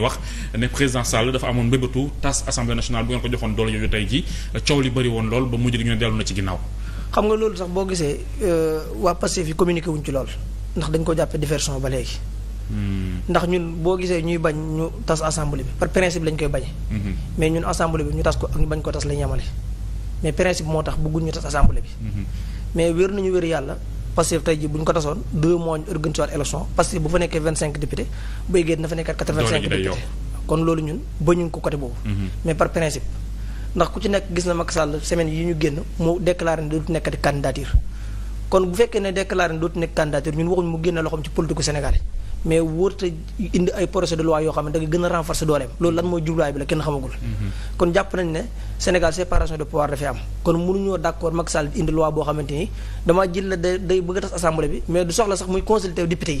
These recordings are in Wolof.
ñuy wax ne président Sall dafa amoon mbébétu tas assemblée nationale bu ngeen ko joxoon doole yooyu tey ji coow li bëri lool ba mujj gi dellu na ci ginnaaw. xam nga loolu sax boo gisee euh, waa Pastef yi communiqué wuñ ci lool ndax dañ ko jàppee diversion ba léegi. Hmm. ndax ñun boo gisee ñuy bañ ñu tas assemblée bi par principe lañ koy bañee. Hmm. mais ñun assemblée bi ñu tas ko ak ñu bañ ko tas lañ yemale mais principe moo tax bëgguñ tas assemblée bi. Hmm. mais wér Pastef tey jii bu ñu ko tasoon deux mois ñu organisé élection Pastef bu fa nekkee vingt cinq député Boy Guèye dina fa quatre vingt cinq député kon loolu ñun ba ko côté boobu mhm. mais par principe ndax ku ci nekk gis na Macky Sall semaine yi ñu génn mu déclaré ne dootu nekkati candidature kon bu fekkee ne déclaré ne dootu nekk candidature ñun waxuñ mu génne loxoom ci politique Sénégal mais wóorta indi ay projet de loi yoo xam ne da nga gën a renforcer dooleem loolu lan mooy jubluwaay bi la kenn xamagul mhm. kon jàpp nañ ne Sénégal séparation de pouvoir dafay am kon mënuñoo d' accord Macky Sall indi loi boo xamante ni damaa jël la day day bëgg a tas assemblée bi mais du soxla sax muy consulter député yi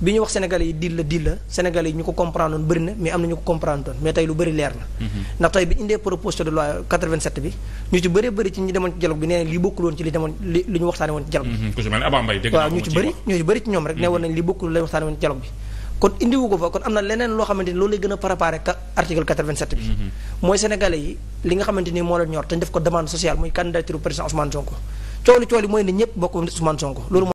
bi ñu wax sénégalais yi dil la dil la sénégalais yi ñu ko comprendre woon bëri na mais am na ñu ko comprendre woon mais tey lu bëri leer na mhm. ndax tey bi indee proposition de loi 87 bi ñu ci bëri bëri ci ñu waxtaane woon ci bi mhm. waaw ñu ci bëri ñu ci bëri ci ñoom rek mhm. ne woon nañ li bokkul la ñu woon ci bi kon indiwu ko fa kon am na leneen loo xamante loolu lay gën a préparé ka article 87 bi mooy sénégalais yi li nga xamante moo